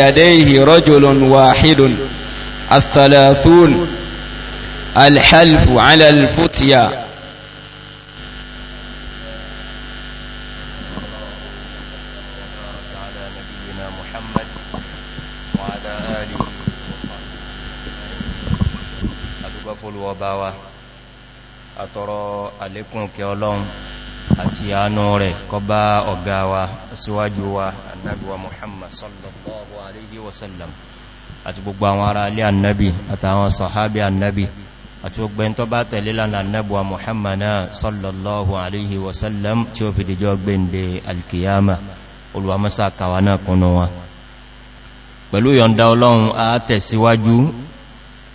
يديه رجل واحد الثلاثون الحلف على الفتيا àtọrọ àlékún kí ọlọ́run àti àánú rẹ̀ kọ bá ọ̀gá wa síwájú wa annabuwa muhammad sallallahu alaihi wasallam àti gbogbo àwọn ará alẹ́ annabi àtàwọn sahabi annabi àti ọgbẹ́ tó bá tẹ̀lé lánà annabuwa muhammad sallallahu alaihi wasallam tí ó fi dìjọ gbẹ́ndẹ̀ alkiyama olùwàmọ́sá kàwà náà kúnnú wa pẹ̀lú yọ̀nda ọlọ́run a tẹ̀síwájú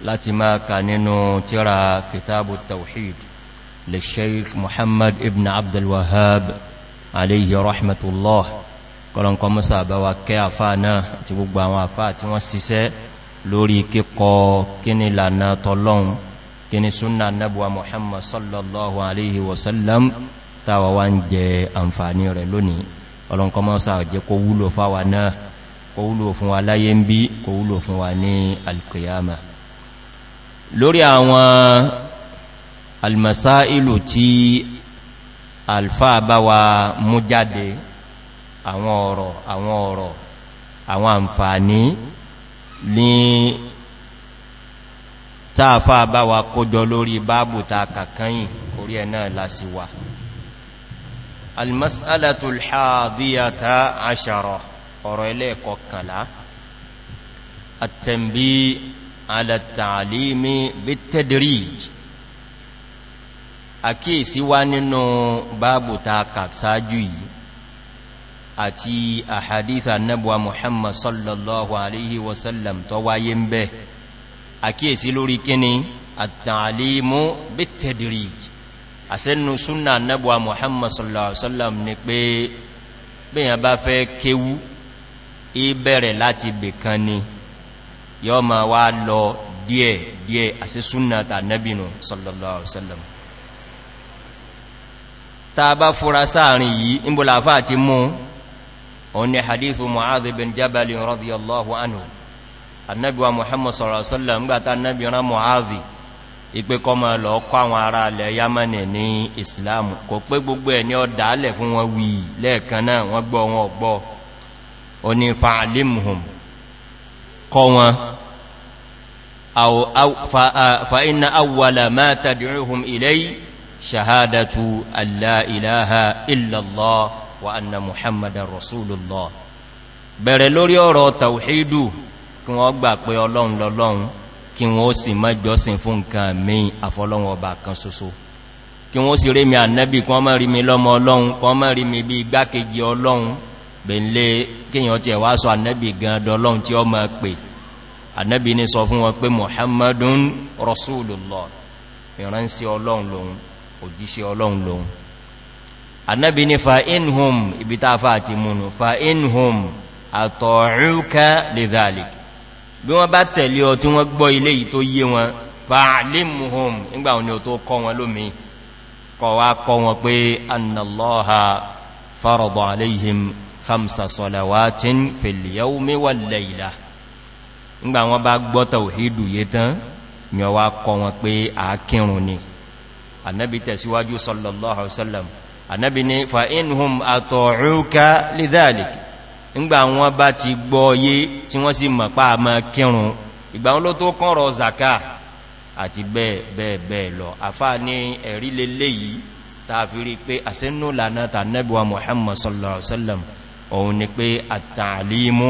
láti máa kà nínú tíra kitabu tawhid للشيخ محمد ابن عبد الوهاب عليه رحمة الله قلن قم سعبا وكي عفانا تبقى وعفات والسساء لوري كيقو كني لنا طلون كني سنة نبوة محمد صلى الله عليه وسلم تاوان جي أنفاني رلوني قلن قم سعبا قولوا فاوانا قولوا فوا لا ينبي قولوا فوا ني القيامة lórí àwọn almasailu tí alfa bá wa mú jáde àwọn ọ̀rọ̀ àwọn ọ̀rọ̀ àwọn àǹfààní ní táàfà bá wa kójọ lórí báàbù ta kàkányìn orí ẹ̀ náà lásìwà almasalatul haadiyata ashara ọ̀rọ̀ ẹlẹ́ẹ̀kọkànlá التنبيه على التعليم بالتدريج àkíyèsí wá nínú báàbù ta kàtàájú yìí àti àhàdíthà nẹ́bùwa muhammad sallallahu alaihi wasallam tó wáyé ń bẹ́ àkíyèsí lórí kíni àtàlímú bítẹ̀dìrí àsẹ́nu súnà nẹ́bùwa muhammad sallallahu alaihi wasallam ni pé bíyàn bá fẹ́ kéwú ìbẹ̀rẹ̀ láti bèkan ni yọ́ ma wá lọ díẹ̀ díẹ̀ àsẹ́súnà tà nẹ́bìnú sallallahu alaihi wasallam ta bá fura sáàrin yìí in bó láfá àti mú òun ni hadithu mu'adhi bin jabali radiyallahu anhu annabi wa muhammad sallallahu alaihi wasallam gbata annabi ran mu'adhi ipe kọ ma lọ kọ àwọn ará alẹ̀ yamani ní islam kò pé gbogbo ẹ̀ ní ọ̀dá alẹ̀ fún wọn wí lẹ́ẹ̀kan náà wọ́n gbọ́ wọn gbọ́ o ní fa'alimhum kọ wọn fa awwala ma tad'uhum ilayhi shahadatu alla ilaha illallah wa anna muhammadan rasulullah bẹ̀rẹ̀ lórí ọ̀rọ̀ tàwíìdù kí wọ́n gbà pé ọlọ́run lọ́lọ́run kí wọ́n sì má jọ́sìn fún nǹkan míì àfọlọ́run ọba kan ṣoṣo kí wọ́n sì rí mi ànẹ́bì kí wọ́n má rí mi lọ́mọ ọlọ́run kí wọ́n má rí mi bí igbákejì ọlọ́run bèèlé kíyàn òjíṣẹ́ ọlọ́run lòun annabi ni fa'inhum ibi ta fa ti múnu fa'inhum àtọ̀rúkà lè zalik bí wọ́n bá tẹ̀lé ọ tí wọ́n gbọ́ ilé yìí tó yé wọn fa'alimuhum nígbà wọn ni ó tó kọ́ wọn lómi kọ wá kọ́ wọn pé annallọ́ha faradọ̀ aléhìm khamsa fèlìyàwó mẹ́wàá annabi tẹ̀síwájú sallallahu alaihi wasallam annabi ni fa inhum ata'uka lidhalik ńgbà wọn bá ti gbọ́ye tí wọ́n sì mọ̀ pa àmà kírun ìgbà wọn ló tó kọ́rọ̀ zaka àti bẹ́ẹ̀ bẹ́ẹ̀ bẹ́ẹ̀ lọ afá ní ẹ̀rí lélẹ̀ yìí tààfiri pé àsínú pé at-ta'limu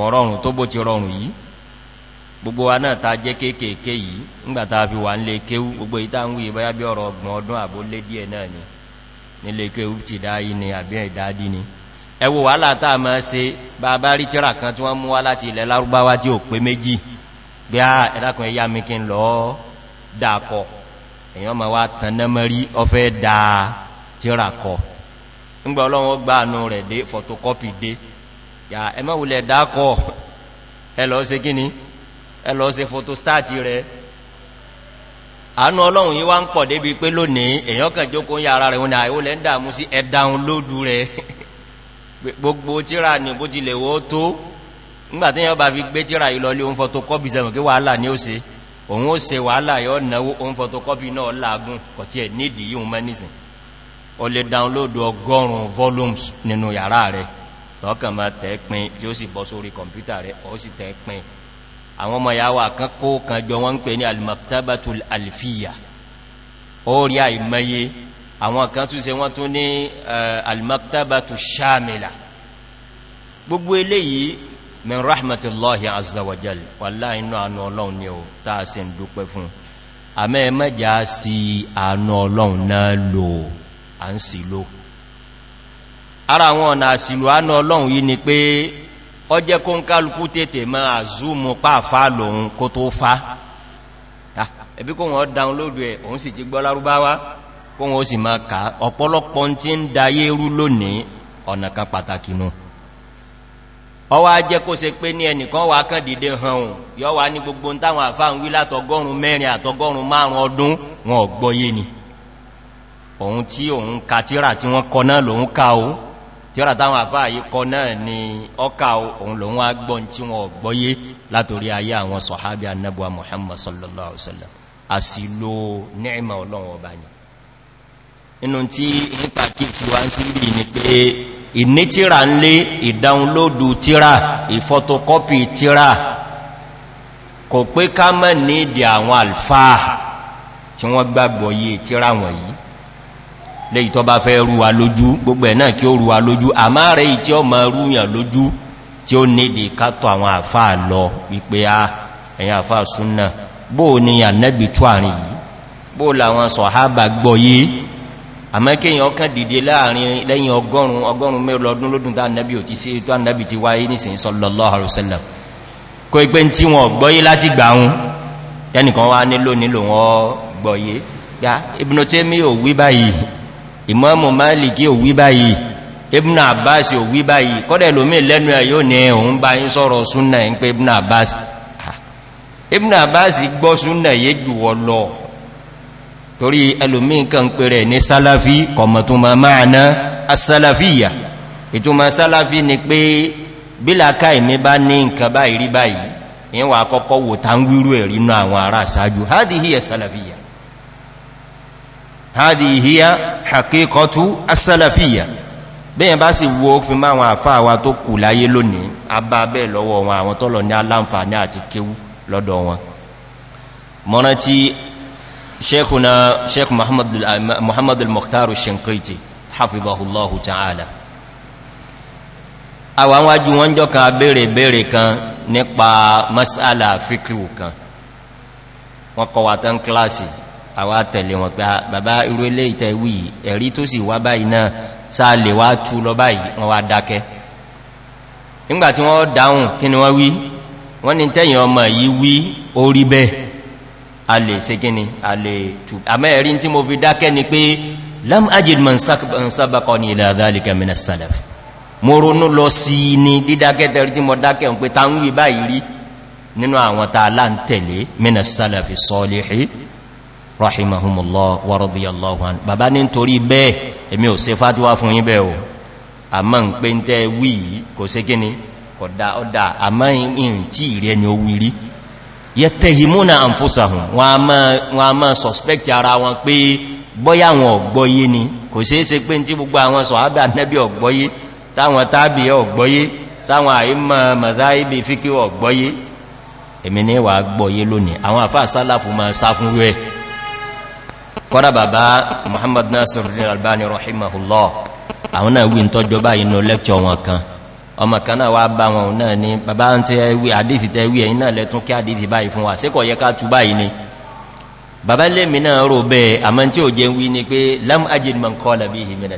kọ̀rọ̀rùn tó bó ti rọrùn yìí gbogbo wa náà ta jẹ́ kéèkéèké yìí ńgbàta fi wà ń lè gbogbo ìta ń wí báyá bí ọ̀rọ̀ ọgbọ̀n ọdún àbó díẹ̀ náà ni nílé kéwú ti dáyí ni àbí ni ẹwọ wà látà máa rí tíra kan tí wọ́n mú wá láti ilẹ̀ tí pé méjì yà ẹmọ́ wulẹ̀ dákọ̀ ẹlọ ṣe gíní ẹlọ ṣe fotostati rẹ̀ àánú ọlọ́run yí wá ń pọ̀ débi pé lónìí èyàn kàn jókó ń yàrá rẹ̀ wọn àìwó lẹ́ ń dàmú sí ẹ̀dàun lódú rẹ̀ gbogbo tíra ní bó ti lè wó tó nígbàtí yàn bá fi gbé tíra ìlọlé oun volumes nínú yàrá tọ́kàn máa tẹ́ pin tí ó sì bọ́ sórí kọ̀mpútà rẹ̀ ó sì tẹ́ pin àwọn ọmọ yàwó kan kó kan jọ wọ́n ń pè ní al-maktabatul alfiya ó rí àìmọye àwọn kan tún ṣe wọ́n tún ní al shamila gbogbo eléyìí min rahmatullahi azza wa inú àánú ọlọ́run ni ó táa sì ń fún àmẹ́ mẹ́jà ara àwọn ọ̀nà àsìlò ánà ọlọ́run yìí ni pé ọ jẹ́ kó ń kálukú tètè ma àzúmù pàfà lòun kó tó fa ah, ẹbí kó wọ́n dáunlódù ẹ̀ òun sì ti gbọ́ lárúbáwá kó wọ́n sì ma ká ọ̀pọ̀lọpọ̀ tí ń dayé rú lónìí ọ̀nà kan pàtàkì nù ọwá jẹ́ kó se pé ní ẹnìkan wà kàn dìde hàn òun yọ wà ní gbogbo táwọn àfáà ń wí látọgọ́rùn mẹ́rin àtọgọ́rùn márùn ọdún wọn ọgbọ́yé ni òun tí òun kàtírà tí wọ́n kọ náà lòun ká òun tí ó rà táwọn àfáà yí kọ náà ni ọkà òun lòun wá gbọ́n tí wọ́n gbọ́yé látorí ayé àwọn sọ̀hábí annabuwa muhammad sallallahu alaihi wasallam àsìlò nẹ́ẹ̀mà ọlọ́run ọba ni inú tí nípa kí ti wá sí ni pé ìní tíra ń lé ìdáunlódù tíra ní ìdí àwọn alfáà lè ìtọ́ bá fẹ́ rúwa lójú gbogbo ẹ̀ náà kí ó rúwa lójú a máa rẹ̀ tí ó máa rúyàn lójú tí ó nédè kátọ̀ àwọn àfáà lọ wípé a ẹ̀yìn àfáà súnnà bó ní ànẹ́bì tó àrin yìí bó làwọn sọ̀hábà gbọ́ yìí àmẹ́kẹ́yìn sallallahu alaihi wasallam kó ipé tí wọn gbọ́yé láti gbà ń ẹnìkan wá nílò nílò wọn gbọ́yé ibn tẹ́mí ò wí báyìí ìmọ́mù máàlìkí ò wí báyìí ibn abbas ò wí báyìí kọ́dẹ̀ lómí lẹ́nu ẹ̀ yóò ní òun bá yí sọ́rọ̀ súnnà ń pé ibn abbas ah, ibn abbas gbọ́ súnnà yé jùwọ lọ torí ẹlòmí kan pè rẹ̀ ní sálàfí kọ̀mọ̀túnmọ̀ máa ná asálàfíyà ìtumọ̀ sálàfí ni pé bílàkà ìmí hadi hiya hakikọtu asalafiya bẹ́yẹn bá sì wo fi máa wọn àfá àwọn tó kù láyé lónìí abá bẹ́ẹ̀ lọ́wọ́ wọn àwọn tọ́lọ ní aláǹfààní àti kéwú lọ́dọ̀ wọn mọ́rán tí ṣekùnà sheik muhammadu ah, al-mukhtaru shinkaiti hafizahullahu ta'ala àwọn wájú wọn jọ àwá tẹ̀lé wọn pé ah, bàbá irú ilé ìtẹ̀wì ẹ̀rí tó sì wá báyìí náà sáà lè wá tú lọ báyìí wọ́n wá dákẹ́ nígbàtí wọ́n dáhùn kí ni wọ́n wí wọ́n ni tẹ́yìn ọmọ yìí wí orí bẹ́ a lè ṣe kí ni a lè tù àmẹ́rin tí mo fi dákẹ́ ni pé lam ajidman sábàkọ ni ilẹ̀ àdálìkà mina salaf mo ronú lọ ni dídákẹ́ tẹ́rí mo dákẹ́ ń pé ta ń wí báyìí rí nínú rahimahumullah wa radiyallahu an bàbá ní torí bẹ́ẹ̀ èmi ò ṣe fàtíwá fún yín bẹ́ẹ̀ o àmọ́ ń pé ń tẹ́ wí kò sí gíní kọ̀dá ọ̀dá àmọ́ ìrìn tí ìrí ẹni ó wí rí yẹtẹ̀hìmúnà àǹfúsàhùn wọn a máa suspect ara wọn pé bọ́yá wọn ọ̀gbọ́yé ni kò sí ṣe pé tí gbogbo àwọn sọ̀hábà nẹ́bí ọ̀gbọ́yé táwọn tábí ọ̀gbọ́yé táwọn àìmọ̀ mọ̀záìbì fíkí ọ̀gbọ́yé èmi ní wà gbọ́yé lónìí àwọn àfáà sálàfù máa sá fún rẹ̀ kọ́dá bàbá Muhammad Nasiruddin Albani rahimahullah àwọn náà wí tọ́jọ báyìí nínú lẹ́kṣọ́ wọn kan ọmọ kan náà wá bá wọn náà ni bàbá ń tẹ́ wí àdífì tẹ́ wí ẹ̀yìn náà lẹ́tún kí àdífì báyìí fún wa síkọ̀ yẹ ká tú báyìí ni bàbá lèmi náà rò bẹ́ẹ̀ àmọ́ tí ó jẹ́ wí ni pé lam ajid man qala bihi min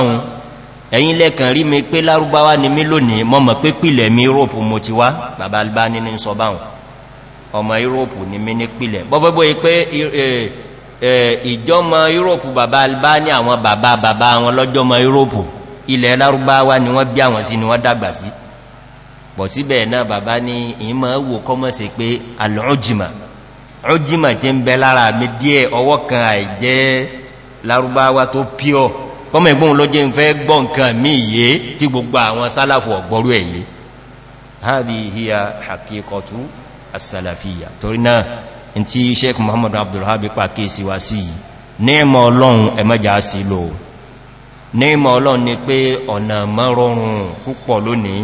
as ẹ̀yìn lẹ́kàn rí mi pé lárúbáwá ni mí lónìí mọ́mọ̀ pé pìlẹ̀ mi europe mo ti wá bàbá albá nínú sọ báhùn ọmọ europe ni mí ní pìlẹ̀ bọ́bọ́bọ́ pé ìjọmọ europe bàbá albá ní àwọn bàbá bàbá wọn lọ́jọ́mọ europe ilẹ̀ lárúbáwá ni wọ́n bí àwọn sí ni wọ́n dàgbà sí bọ̀ síbẹ̀ náà bàbá ní ìmọ̀ wò kọ́mọ̀sẹ̀ pé alọ́jìmà ọjìmà ti ń bẹ lára mi díẹ̀ ọwọ́ kan àìjẹ́ lárúbáwá tó pure kọmọ ẹgbọ́n lọ jẹ́ ìfẹ́ gbọ́ nǹkan mí yé tí gbogbo àwọn sálàfù ọ̀gbọ́rú ẹ̀yẹ hadi hiya hakikotu asalafiya torí náà in ti sheik muhammadu abdullahi pàkí sí wá sí yìí níma ọlọ́run ẹmẹ́jà sí lò níma ọlọ́run ni pé ọ̀nà mọ́rọrùn púpọ̀ lónìí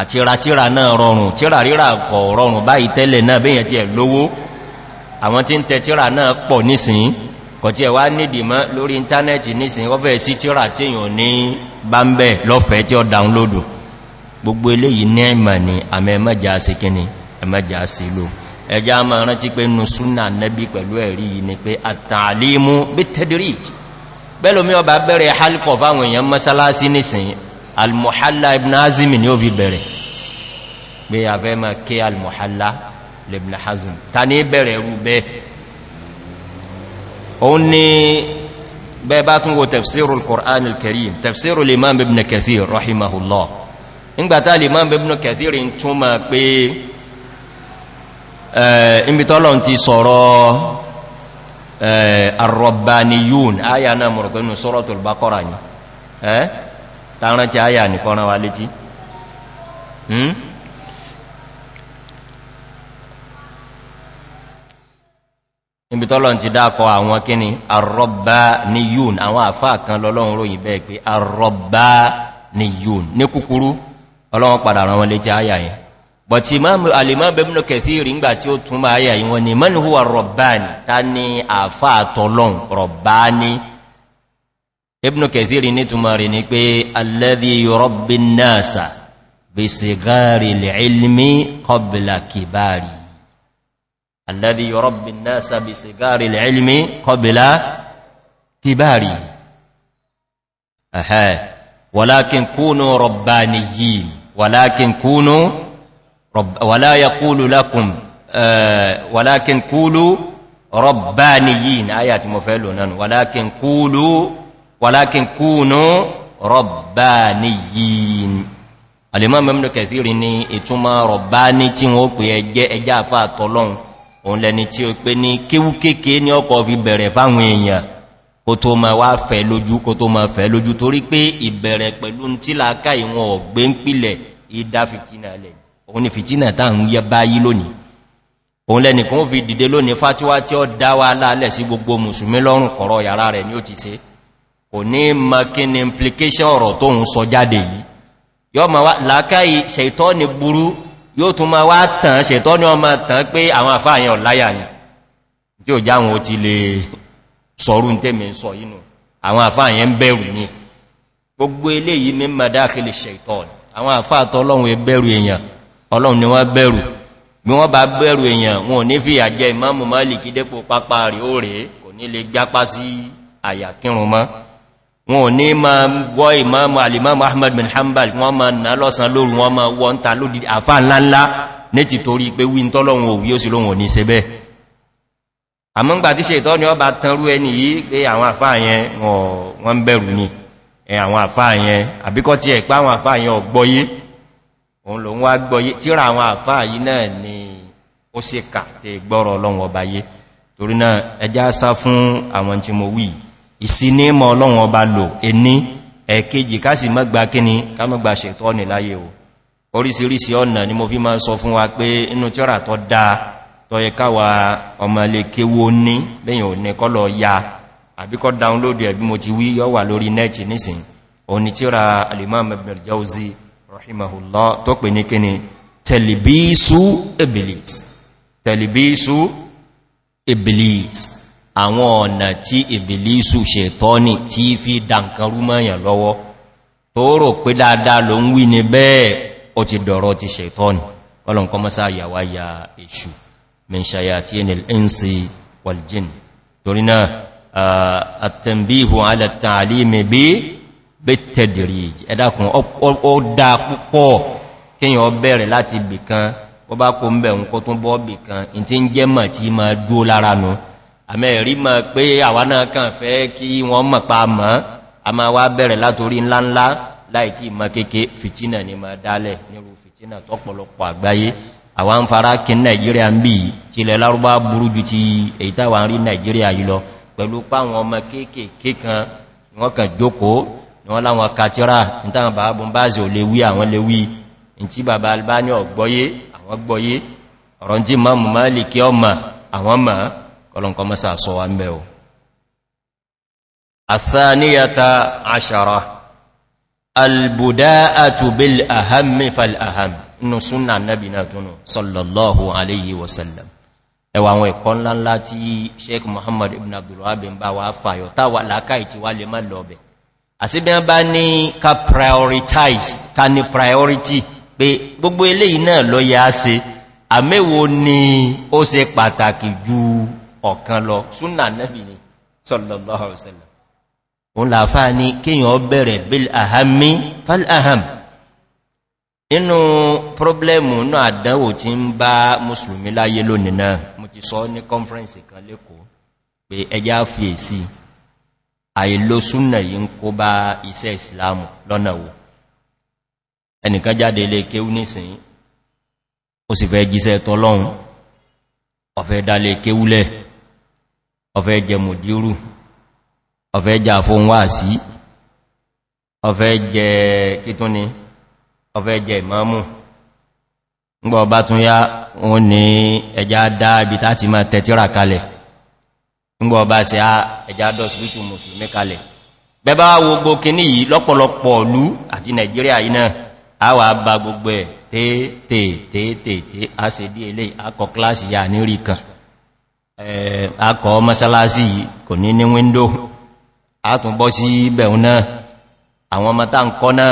àti ratíra náà rọrùn tíra ríra kọ̀ rọrùn báyìí tẹ́lẹ̀ náà bẹ́yẹn àwọn tí ń tẹ tíra náà pọ̀ nísìnyí kọ̀tí ẹ̀wà nìdì mọ́ lórí ìntánẹ́ẹ̀tì nísìn ọfẹ́ sí tíọ́rà tí èyàn ní bá ń bẹ̀ lọ́fẹ́ tí ó dáúnlódù gbogbo eléyìí ní ẹ̀mà ni àmì ẹmẹ́jà sí kíni ẹmẹ́jà sí lò ẹjá ma rántí pé nù nẹ́bí pẹ̀lú ẹ̀rí yìí ni pé àtàlímú bí tẹ́dìríkì bẹ́lómi ọba bẹ̀rẹ̀ halkọ̀ fáwọn èèyàn mọ́sálásí nìsìn almuhalla ibn azim ni ó fi bẹ̀rẹ̀ pé àfẹ́ ma kí almuhalla ibn azim ta ní bẹ̀rẹ̀ rú bẹ́ẹ̀ òun ni bẹ bá tún wo tafsirul Qur'an al-Karim tafsirul Imam Ibn Kathir rahimahullah ingbata Imam Ibn Kathir ń túnmà pé ìbítọ́lọ̀ eh, ti sọ̀rọ̀ eh, ar-Rabbaniyun aya náà mọ̀rọ̀gbẹ́nu Suratul Baqara ni tààrán ti aya nìkan wa létí hmm? níbi tọ́lọ̀ ti dákọ àwọn kíni arọ́bá ni yún àwọn àfáà kan lọ́lọ́run ròyìn bẹ́ẹ̀ pé arọ́bá ni yún ní kúkúrú ọlọ́run padà ràn wọn lè jẹ́ àyà yẹn but alimọ́ bẹ̀mùnà kẹfì rí ngbà tí ó tún máa àyà yìí alladhi yurabbi an-nasa bi sigari al-ilmi qabla kibari aha walakin kunu rabbaniyin walakin kunu wala yaqulu lakum walakin kulu rabbaniyin ayati mo fe lo nanu walakin kulu walakin kunu rabbaniyin al-imam ibn kathir ní ìtumọ̀ rabbani tí wọ́n pè eje eja fa tọlọ́hun òun lẹni tí ó pé ní kéwú kéèkéé ní ọkọ̀ fi bẹ̀rẹ̀ fáwọn èèyàn kò tó ma wá fẹ́ lójú kò tó ma fẹ́ lójú torí pé ìbẹ̀rẹ̀ pẹ̀lú tí láàká ìwọ̀n ọ̀gbẹ́ ń pìlẹ̀ ìdá fìtínà lẹ̀ òun implication ọ̀rọ̀ tó ń sọ jáde yọ́ ma wá láàká ìṣẹ̀tọ́ ni burú yóò tún ma wá tàn ṣètọ́ ní ọmọ tàn pé àwọn àfáàyàn ọ̀láyà ni tí ó já wọn ó ti lè sọ̀rú ní tẹ́mẹ̀ sọ inú àwọn àfáàyàn bẹ̀rù ní gbogbo eléyìí ní mọ̀dáàkìlì ṣètọ́ àwọn àfáàtọ́ ọlọ́run bẹ̀rù èèyàn ọlọ́run ni wọ́n bẹ̀rù bí wọ́n bá bẹ̀rù èèyàn wọn ò ní fi àjẹ ìmọ́mù mọ́lì kí dépò pápá rí ó rèé kò ní lè jápá sí wọn ò ní ma wọ́ ìmáàmù alìmáàmù ahmad bin hanbal wọ́n ma nà lọ́sàn lórí wọ́n ma wọ́n ta lórí àfá ńláńlá ní ti torí pé wí tọ́lọ́run òwú ó sì lóhun ò se bẹ́ẹ̀ àmọ́ngbà tí ṣe ìtọ́ ni ọba tanrú ẹni yìí pé àwọn àfá yẹn wọ́n bẹ̀rù ni àwọn àfá yẹn àbíkọ́ ti ẹ̀pá àwọn àfá yẹn ọgbọ́yé ni ó sì kà tí gbọ́rọ̀ ọlọ́run ọba ìsinímọ̀ ọlọ́run ọba lò ẹni ẹ̀kejì ká sì mọ́gbà kíni ká mọ́gbà ṣètọ́ ọ̀nì láyé o orísìírísìí ọ̀nà ni mo fi máa sọ fún wa pé inú tíọ́rà tọ́ dáa tọ́yẹ káwà ọmọlékéwó ní lẹ́yìn ò ya àbíkọ́ dáúnlódì ẹ̀bí mo ti wí yọ́ wà lórí nẹ́ẹ̀tì nísìn òní tíọ́rà alimam ibn jauzi rahimahullah tó iblis àwọn ọ̀nà tí ìbìlísù ṣètọ́nì tí fi dankarú mọ́yàn lọ́wọ́ tó rò pé dáadáa ló ń wí ní bẹ́ẹ̀ ó ti dọ̀rọ̀ ti ṣètọ́nì kọlọ̀n yàwá ya èṣù min tí ẹni ìnsì waljin torí náà àtẹ̀mbíhù alẹ́tàlí mẹ́bí bí tẹ̀dìrì ẹ̀dàkùn ó dá púpọ̀ kíyàn bẹ̀rẹ̀ láti bìkan ó bá kó ń bẹ̀ ń kó tún bọ́ bìkan ma dúó no àmẹ́rí ma pé àwa náà kàn fẹ́ kí wọ́n mọ̀ pa mọ́ a ma wá bẹ̀rẹ̀ látorí ńláńlá láìtí ìmọ̀ kéèké fìtínà ni ma dálẹ̀ nírú fìtínà tọ́pọ̀lọpọ̀ àgbáyé àwa ń fara kí nàìjíríà ń bí ti ilẹ̀ lárúbá burú ju ti èyí táwà ń rí nàìjíríà yìí lọ pẹ̀lú páwọn ọmọ kéèkéé kan wọ́n kàn jókòó ni wọ́n àwọn ọmọ ọlọ́nkọ́ mọ́sá sọ wa ń bẹ̀ o àtàníyàta àṣàrà albùdáàtù bil ahammi fal aham inú súnà nábi náà túnú sallallahu alayhi wasallam ẹwà àwọn ẹ̀kọ́ ńláńlá tí sheik muhammad ibn abdullahi bá wá fàyọ̀ táwà lákàí ti wá lè má lọ́bẹ̀ àsíbí wọ́n bá ní ká prioritize ká ní priority pé gbogbo eléyìí náà lọ yá se àmẹ́wo ni ó se pàtàkì ju ọ̀kan lọ súnà nẹ́bì ni sallallahu alaihi wasallam òun làfá ní kíyàn bẹ̀rẹ̀ bil ahammi fal aham inú problemu inú àdánwò tí ń bá musulmi láyé lónìí náà mo ti sọ ní conference kan lẹ́kọ̀ọ́ pé ẹjá fi èsì àìlò súnà yìí ń kó bá iṣẹ́ ìsìlámù lọ́nà wo ẹnìkan jáde ilé kéwú nìsìn ó sì fẹ́ jíṣẹ́ tọ́lọ́run ọ̀fẹ́ dálé kéwúlẹ̀ ọ̀fẹ́ jẹ mùdírù ọ̀fẹ́ jẹ àfohun wà sí ọ̀fẹ́ jẹ kítún ni ọ̀fẹ́ jẹ ìmọ́mù ngbọ̀ ọba tún yá wọn ni ẹja dá ibi táti máa tẹ̀tíra kalẹ̀ ngbọ̀ ọba sí á ẹja dọ́síwítù mùsùlùmí kalẹ̀ bẹba gbogbo kìíní yìí lọ́pọ̀lọpọ̀ ọ̀lú àti nàìjíríà yìí náà a wà bá gbogbo ẹ̀ tètètètè a sì dí ilé akọ̀ kíláàsì yà ní rí kan Eh, akọ̀ masalasi kò ní ní windo a tún bọ́ sí ibẹ̀un náà àwọn ọmọ tá ń kọ́ náà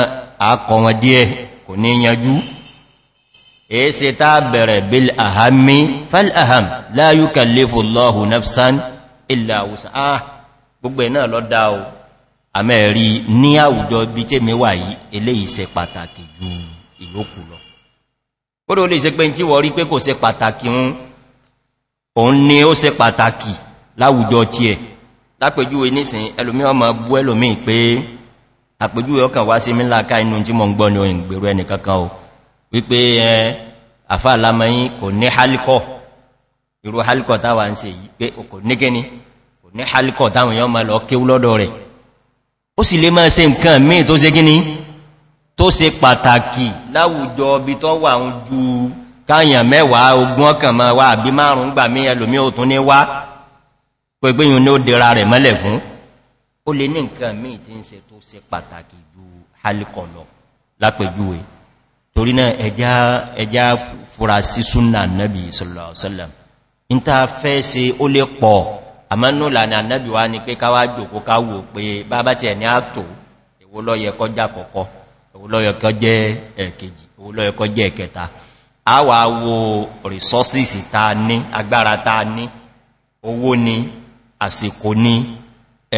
akọ̀ wọn díẹ̀ kò ní yanjú èése tá bẹ̀rẹ̀ bil ahami fal aham láyú kàlífò lọ́hù nafsan ilẹ̀ àwùsá ah gbogbo náà lọ dá o àmẹ́rí ní àwùjọ bí tí mi wà yìí eléyìí se pàtàkì ju ìyókù lọ kódò se pé tí wọ́n se pàtàkì òun ni ó se pàtàkì láwùjọ tí ẹ̀ lápẹjúwe nísìn ẹlòmí ọmọ bú ẹlòmí pé àpẹjúwe ọkàn wá sí mílàká inú tí mọ̀ ń gbọ́ ni òyìn gbèrú ẹni kankan o wípé ẹ àfà alamọ́yìn kò ní hálíkọ̀ irú hálíkọ̀ táwà ń se yìí pé kò ní kíní kò ní hálíkọ̀ káyàn mẹ́wàá ogun ọkàn ma wá àbí márùn-ún gbà mí ẹlòmí ò tún ní wá pẹ̀pẹ́ yìí ní ó dẹra rẹ̀ mọ́lẹ̀ fún ó lè ní nǹkan míì tí ń se tó se pàtàkì ju halikọ̀lọ̀ lápẹjúwe torí náà ẹjá fura sí súnà nábi sọ̀lọ̀sọ̀lọ̀m in ta fẹ́ se ó lè pọ̀ àmánú lànà nábi wá ní pé káwá jòkó káwò pé bábá ti ẹni àtò èwo lọ́yẹ kọjá kọ̀kọ́ èwo a wà wo resources ta ní agbára ta ní owó ní àsìkò ní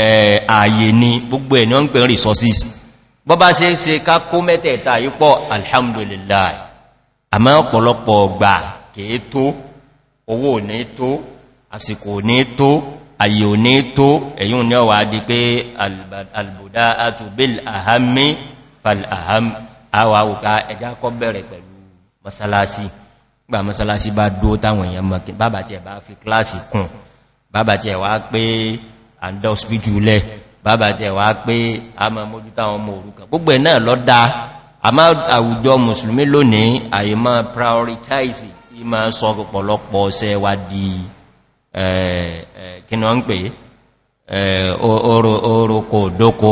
ààyè ní gbogbo ẹ̀ ní wọ́n ń resources bọ́ bá ṣe ṣe ká kó mẹ́tẹ̀ẹ̀ta yípọ̀ alhamdulillah àmá ọ̀pọ̀lọpọ̀ ọgbà kìí tó owó ní tó àsìkò ní tó àyè ò ní tó ẹ̀yùn ní ọwà di pé albùdá àtùbíl àhámi fal'aham àwà òkà ẹjá kọ́ bẹ̀rẹ̀ pẹ̀lú masalasi gbà masalasi bá dó táwọn èèyàn mọ̀ bàbá tí ẹ bá fi kíláàsì kùn bàbá tí ẹ wá pé àndá hospital lẹ bàbá tí ẹ wá pé a máa mójú táwọn ọmọ òrukàn gbogbo ẹ̀ náà lọ dá a máa àwùjọ mùsùlùmí lónìí àyè máa prioritize ìmá sọ pọ̀lọpọ̀ ọsẹ wa di kí ni wọ́n ń pè orúkọ òdókó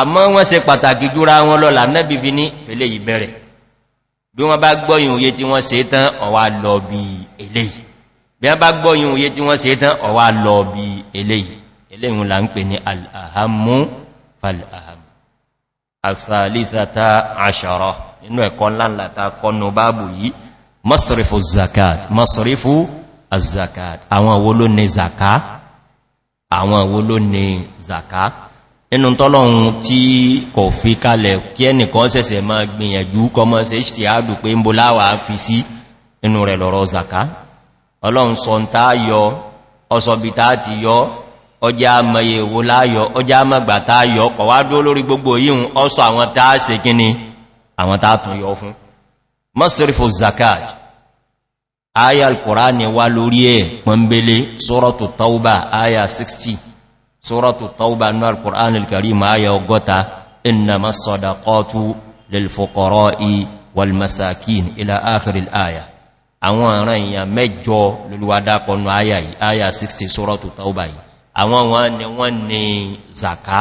àmọ́ wọ́n se pàtàkì júra wọn lọ́la nẹ́bì fi ní fẹ́lẹ̀ yìí bẹ̀rẹ̀ bí wọ́n bá gbọ́yìn òye tí wọ́n se tán ọwá lọ bí eléyìí bí wọ́n bá gbọ́yìn òye tí wọ́n inú ẹ̀kọ́ ńláńláta kọnu báàbù yìí masrifu zakat masrifu azakat àwọn wo ló zaka àwọn wo ló ní nínú tọ́lọ̀un tí kò fi kalẹ̀ kí ẹnìkan sẹ̀sẹ̀ ma gbìyànjú kọmọ sí hdr pé ń bó láwà fi sí inú rẹ̀ lọ́rọ̀ zaka ọlọ́run sọ ń tá yọ ọsọ̀bí tá ti yọ ọjá mẹ́yẹ owó láyọ ọjá mẹ́gbà tá yọ pọ̀wádó lórí gbogbo yíhun ọsọ àwọn tá se kíni àwọn tá tún yọ fún mọ́sírífò zakat ayal 60 suratu tauba nu al-qur'an al-karim aya ọgọ́ta innama sadaqatu lil fuqara'i wal masakin ila akhir al-aya àwọn aran eyan mẹ́jọ loluwada konu aya yìí aya 60 suratu tauba yìí àwọn wọn ni wọ́n ni zaka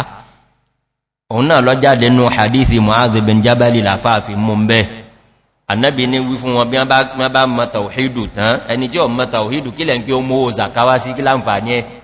òun náà lọ jáde hadithi mu'adhi bin jabali lafafi mú annabi ni wí fún wọn bí wọ́n bá mọ́ tàwídù tán ẹni tí ó mọ́ kílẹ̀ ń kí ó mọ́ zakawa sí kí láǹfà ní ẹ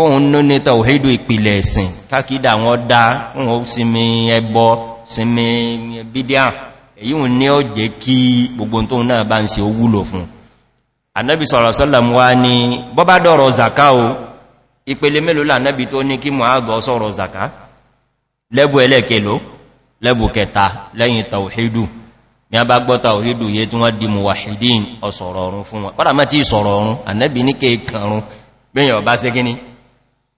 kóhun ló ní tàwídò ìpìlẹ̀ ẹ̀sìn kákídà wọn dá wọn ó sinmi ẹbọ sinmi bídíà èyí wọn ní ó jẹ́ kí gbogbo tó náà bá ń se ó wúlò fún anábi sọ̀rọ̀ sọ́lọ̀m wá ní bọ́bá dọ̀rọ̀ zaka o ìpele mélòó lànábi tó ní kí mọ̀ágọ́ di mọ̀wàhìdín ọ̀sọ̀rọ̀ ọ̀run fún wọn pọ́dà mẹ́ tí ìsọ̀rọ̀ ọ̀run ànẹ́bì ní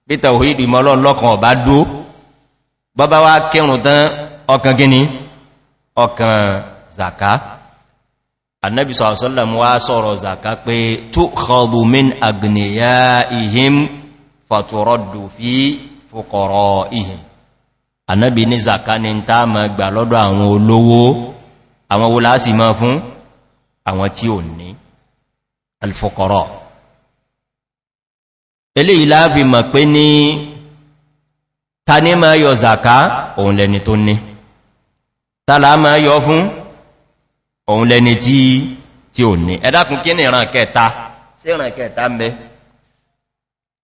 bí tàwí ìdìmọ̀ ọlọ́kan ọ̀bá dó bọ́bá wá kírùn tán ọkàn gíní ọkàn zaka annabi sọ̀rọ̀sọ́lọ̀m wá sọ̀rọ̀ zaka pé tó kọlu min agniya ihim fàtúrọ̀dù fi fòkọ̀rọ̀ ihim annabi ní zaka ni ta ma gbà lọ́dọ̀ àwọn olówó àwọn wọlá sì ma fún àwọn tí ò ní alfòkọ̀rọ̀ eléyìí láàfin mọ̀ pé ní ta ní máa yọ zàká òun lẹni tó ní tààlà máa yọ fún òun lẹni tí tí ò ní ẹ̀dàkùn kí ní ìran kẹta sí ìran kẹta mẹ́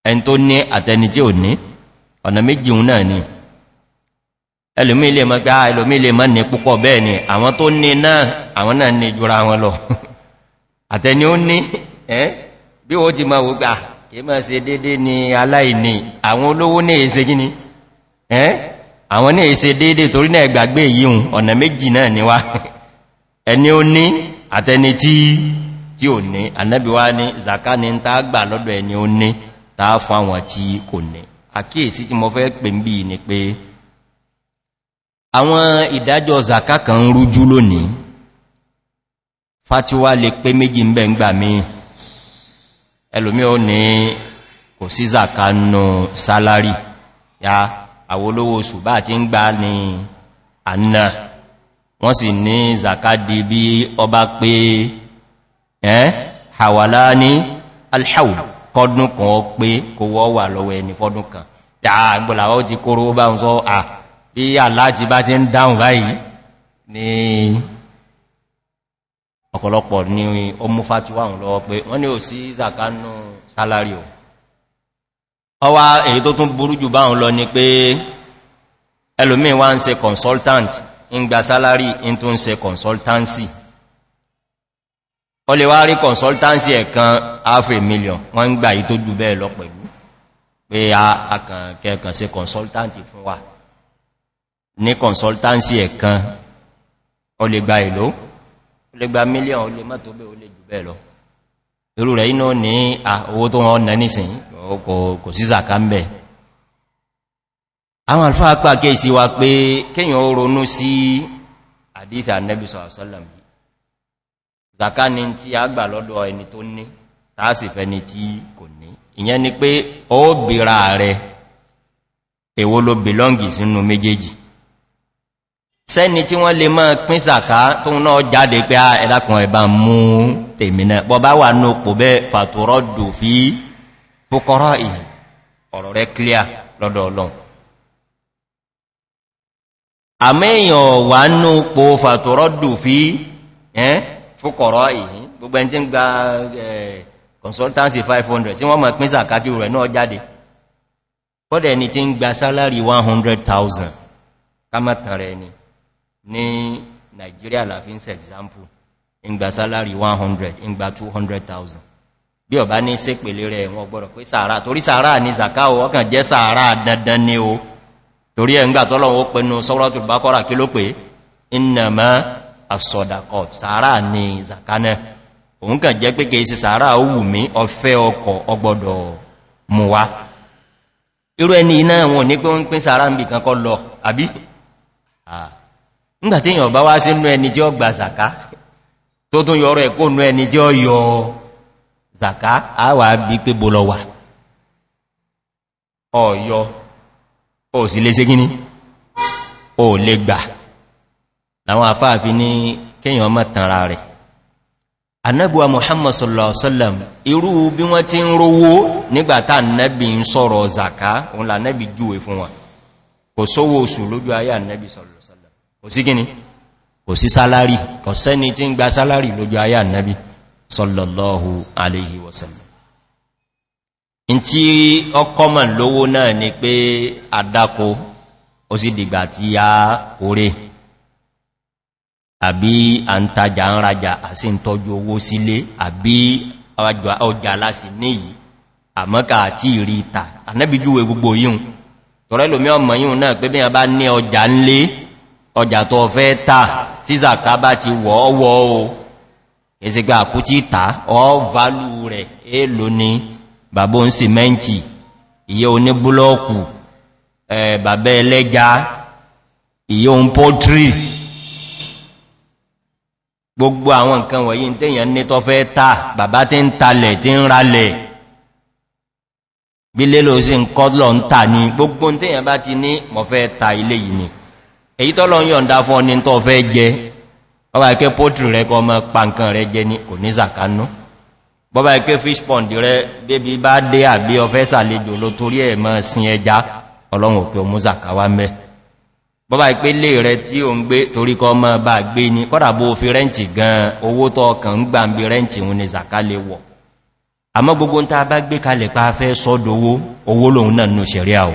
ẹni tó ní àtẹni tí ò ní ọ̀nà méjì òun náà ni ẹlòmí ilé mọ́ gbá ah, ẹlòmí mọ́ ní púpọ̀ bẹ́ẹ̀ ni àwọn tó ní náà àwọn náà ní jura wọn lọ àtẹni ó ní ẹ́ bí ó ti máa wó gbà yìí máa se dédé ni aláìní àwọn olówó ní èsè gíní ẹ́n àwọn ní èsè dédé torí náà gbàgbé yíun ọ̀nà méjì náà ni wá ẹni ó ní àtẹni tí tí ò ní anábíwá ní zaka ni ta gbà lọ́dọ̀ ẹni ó ní ta fáwọn tí kò ní àkíyèsí tí mo fẹ́ pè ń bí ni pé àwọn ìdájọ́ zaka kan rújú lónìí fatiwa lè pé méjì ń bẹ̀ ń gbà míì ẹlòmí ó ní kò sí zakanu salari ya àwọlówó ṣùgbà tí ń gbá ní àná wọ́n sì ní zakadi bí ọba pé ẹ́ hàwàlá ní alhau kọdún kan ó pé kó wọ́ wà lọ́wọ́ ẹni fọ́dún kan dáa gbọ́lá ó ti kóró bá ń sọ à bí aláti bá ti ń dáhùn báyìí ni ọ̀pọ̀lọpọ̀ ní ọmọ fàtíwà pé wọ́n ni ò sí ìzàkánú sálárì ò ọwá èyí tó tún burú jù báhùn lọ ni pé ẹlòmí wá ń se consultant ń gba sálárì in tó ń se consultancy ọ lè wá rí consultancy ẹ̀kan half a million wọ́n ń gbà yí tó jù bẹ́ẹ̀ lọ pẹ̀lú pé a kẹ̀kàn se consultant fún wa ní consultancy ẹ̀kan ọ lè gba ìlú lè gba mílíọ̀n olè mọ́tò bẹ́ olè jù bẹ́ẹ̀ lọ irú rẹ̀ inú ní owó tó wọ́n nà nísìn kò sí zaka ń bẹ̀ àwọn alfáà pà kéèsí wa pé kíyàn ó ronú sí àdíta nẹ́bí sọ̀rọ̀sọ́lọ̀m zaka ni tí a sẹ́ni tí wọ́n lè máa pín sàká tó ń náà jáde pé ah, ẹ̀dàkùn ẹ̀bà mú tèmìnà bọ́bá wà ní òpò bẹ́ fàtòrọ́ dò fí fókọrọ́ ìhì ọ̀rọ̀ rẹ̀ clear lọ́dọ̀ ọlọ́run àmẹ́yàn wà ní òpò fàtòrọ́ dò fí fókọrọ́ ìhì gbogbo ẹni tí salary 100,000 ká mọ̀ tàn ni ní nigeria láfí ń sẹ̀xample ìgbà salary 100 ìgbà 200,000 bí ọ̀bá ní sépèlé rẹ̀ wọn gbọ́rọ̀ pé sàárà torí sàárà ní zakao ọkàn jẹ́ sàárà dandan ní o torí ẹ̀ ńgbà tọ́lọ̀wọ́ pẹnu sọ́rọ̀tù bá kọ́rà kí ló pé ìnàmọ́ àsọ̀dàkọ̀ sàárà ní zakanẹ́ òun kàn jẹ́ pé kèé sí sàárà ó wù mí ọfẹ́ ọkọ̀ ọgbọ̀dọ̀ mú wá irú ẹni iná wọn ní pé wọ́n pín sàárà ńgbàtí èyàn bá wá sínú ẹni tí ó gbà zàká tó tún yọrọ ẹ̀kọ́ nú ẹni tí ó yọ zàká a wà bí pé bó lọ wà ọ̀yọ́ ò sí lé ségíní ò lè gbà láwọn afáàfin ní kéyàn mọ́ tanra rẹ̀ annabuwa muhammad sallallahu alaihi wasallam irú bí wọ́n ti ń rówó nígbàtà annabi ń sọ̀rọ̀ zaka òun la annabi júwe fún wọn kò sówó oṣù lójú ayé annabi sallallahu kò sí gíní kò sí sálárì kò sẹ́ni tí ń gba sálárì lójú ayá nábi sọlọ̀lọ́hu aléhi wasallam in tí ọkọ́mọ̀ lówó náà ni pé àdákò ó sì dìgbà tí ya oré àbí à ń tajà ń rajà àti ń tọ́jú owó sílé àbí ọjà lásì níyìí àmọ́ka àti ìrí ìta ànẹ́bìjúwe gbogbo yíò tọ́rẹ́lòmí ọmọ yíò náà pé bí i bá ní ọjà ń lé ọjà tó fẹ́ tà tí zaka bá ti wọ́ọ̀wọ́ o ẹ̀sẹ̀gbà àkútí tà ọ válù rẹ̀ èlò ni bàbá ń sìmẹ́ntì iye oní búlọ́ọ̀kù bàbá ẹlẹ́gá iye oun pọ́tírì gbogbo àwọn nǹkan wọ̀nyí tẹ́yàn ní tọ́ fẹ́ tà bàbá tí ń talẹ̀ tí ń ralẹ̀ bí lélo sí ń kọ́lọ̀ ń tà ní gbogbo tẹ́yàn bá ti ní mọ̀fẹ́ ta ilé yìí ni èyí tó lọ yọ̀nda fún ọ ní tó fẹ́ jẹ ọba ẹ̀kẹ́ pọ́tù rẹ kọ mọ́ pàǹkan rẹ jẹ ní kò bọ́bá ẹ̀kẹ́ fish pond rẹ bébí bá dé àbí ọfẹ́ sàlejò ló torí ẹ̀ mọ́ sin ẹja ọlọ́run òkè omú zakawa mẹ́ bọ́bá ẹ̀kẹ́ lè rẹ tí o ń gbé torí kọ mọ́ bá gbé ní kọ́dà bó fi rẹ́ǹtì gan owó tọ́ àmọ́ gbogbo ń ta bá gbé kalẹ̀ pa fẹ́ sọ́dọ̀ owó lòun náà nù sẹ̀ríà ò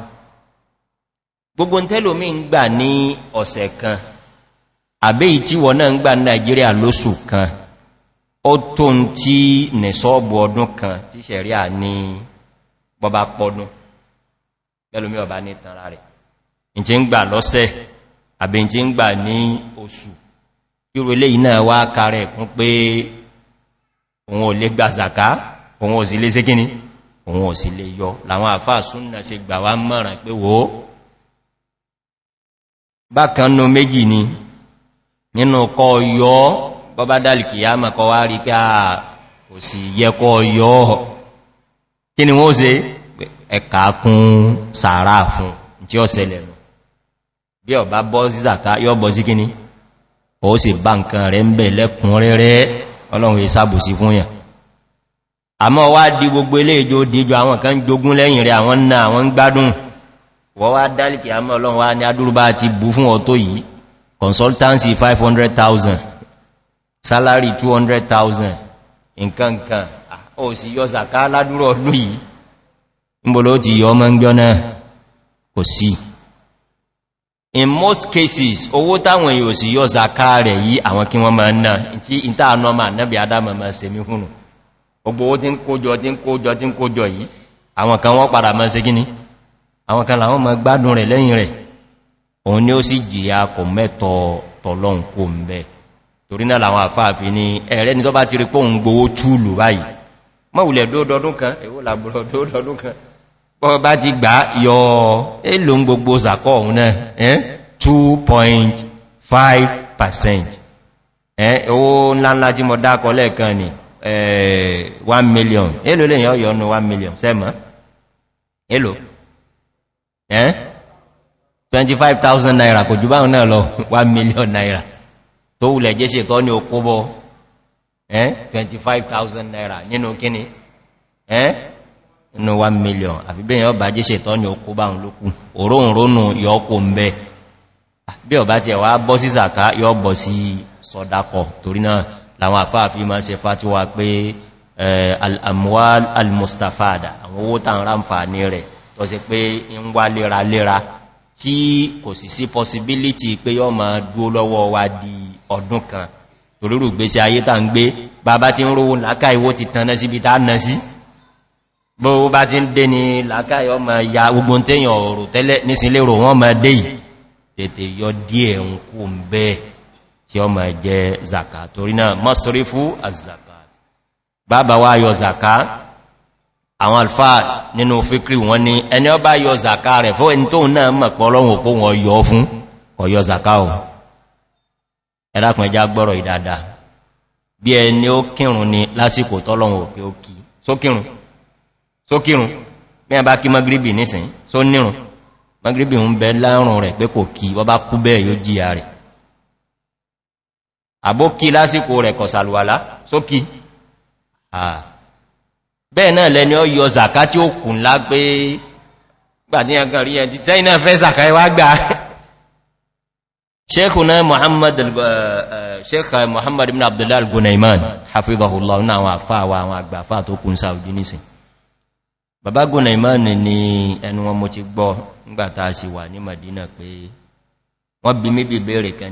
gbogbo tẹ́lòmí ń gbà ní ọ̀sẹ̀ kan àbẹ́ ìtíwọ̀ náà ń gbà nàìjíríà lóṣù kan ó tó ń tí nẹ̀sọ́ọ̀bù ọdún kan tí sẹ̀ríà ní bọba pọdún pẹ́lòmí ọba ní tanra rẹ̀ ìtí ń gbà lọ́sẹ̀ àbẹ́ ìtí ń gbà ní oṣù òun ò sí lé sí kíní òun ò sí lè yọ làwọn àfáà súnnà sí gbà wá mọ́ràn pé wòó bákan nù méjì ni nínú kọ yọ bọ́bá dálìkì ya mọ̀ kọ wá rí pé a kò sì yẹ kọ yọ kí ni wọ́n se ẹ̀kà kún sàárà fún tí ó sẹlẹ̀ nù bí ọ̀bá bọ́ sí zàká yọ bọ́ sí kíní ó sì bá nǹkan rẹ̀ ń bẹ̀ lẹ́kùn rẹ̀rẹ̀ ọlọ́run wọ́n wá dálìkì àmọ́ ọlọ́run wá ní adúrúbá ti bú fún ọ̀tọ́ yìí consultancy 500,000 salary 200,000 nkankan ó sì yọ zàká ládúrú ọdún yìí níbòlò ti yọ ọmọ ń náà kò sí in most cases owó táwọn èyò sì yọ zàká rẹ̀ yìí àwọn kí wọ́n máa náà tí ìntànọ́mà náàbì adámọ̀ máa se mi hùnù gbogbo owó tí ń kójọ tí ń kójọ tí ń kójọ yìí àwọn kan wọ́n padà máa se gíní àwọn kan làwọn ma gbádùn rẹ̀ lẹ́yìn rẹ̀ òun ni ó sì jìyà kò mẹ́tọ̀ tọ̀lọ́n kò ń bẹ torí náà làwọn àfáàfi ní ẹ̀rẹ́ ni tó bá ti rí pòun gbowó túlù báyìí mọ́wùlẹ̀ dódọdún kan èwó làbúrọ̀ dódọdún kan bọ́ bá ti gbà yọ èlò ń gbogbo eh? one percent owó ńláńlá tí mo dákọ million èlò lè yọ yọ 1 million sẹ́mọ́ èlò eh 25,000 naira kò jù báhùn náà lọ 1 million naira tó wùlẹ̀ jẹ́ ṣe tọ́ ní okó bọ́ eh 25,000 naira nínú kíni eh nínú 1 million àfi bí ọba jẹ́ ṣe tọ́ ní okó báhùn lókù òróǹrónù yọ́kò ń bẹ bí ọba ti ẹ̀wà bọ́ sí zaka yọ́ bọ̀ sí sọ́dákọ̀ torí náà làwọn àfáàfí ma ṣe fátíwá pé al-amwal al-mustafada àwọn owó tàn ráǹfà ní rẹ̀ ọ̀sẹ̀ pé ń wá léraléra tí kò sì sí possibility pé yọ́ ma dúó lọ́wọ́ wa di ọdún kan torúrù gbésí ayé tà ń gbé bàbá tí ń rówó láká ìwó ti tanná síbi tá nà sí bó bá ti ń dé ni láká yọ́ ma ya gbogbo tẹ́yàn ọ̀rọ̀ tẹ́lẹ̀ nísìnlérò wọ́n ma dé tètè yọ díẹ̀ ń kú ń bẹ́ẹ̀ tí ọ ma jẹ zaka torí náà mọ́sírí àzàkà bàbá wá yọ zaka àwọn alfa nínú fíkrí wọn ni ẹni ọ bá yọ zaka rẹ̀ fún ẹni tóun náà mọ̀ pọ̀ ọlọ́run òpó wọn yọ fún ọyọ zaka o ẹ̀rákùn ẹjá gbọ́rọ̀ ìdada bí ẹni ó kírùn ni lásìkò tọ́lọ́run òpé ó kí sókírùn sókírùn mẹ́rin bá kí magribi nísìn só nírùn magribi ń bẹ láàrùn rẹ̀ pé kò kí wọ́n bá kú bẹ́ẹ̀ yóò jíyà rẹ̀ bẹ́ẹ̀ náà lẹni ọ yọ zàká tí ó kùn lá pé gbàdí agan rí ẹjí tẹ́yìn náà fẹ́ zàká ẹwà gbà ṣékùnà mohamed eh, eh, ibn abdullahi al-gunaiman hafizahullah ní àwọn àfáàwà àwọn àgbàfà tó kún saudi nísìn bàbá gunaiman ni ẹnu wọn mo ti gbọ́ ngbàtà sí wà ní madina pé wọ́n bí mí bí bèèrè kan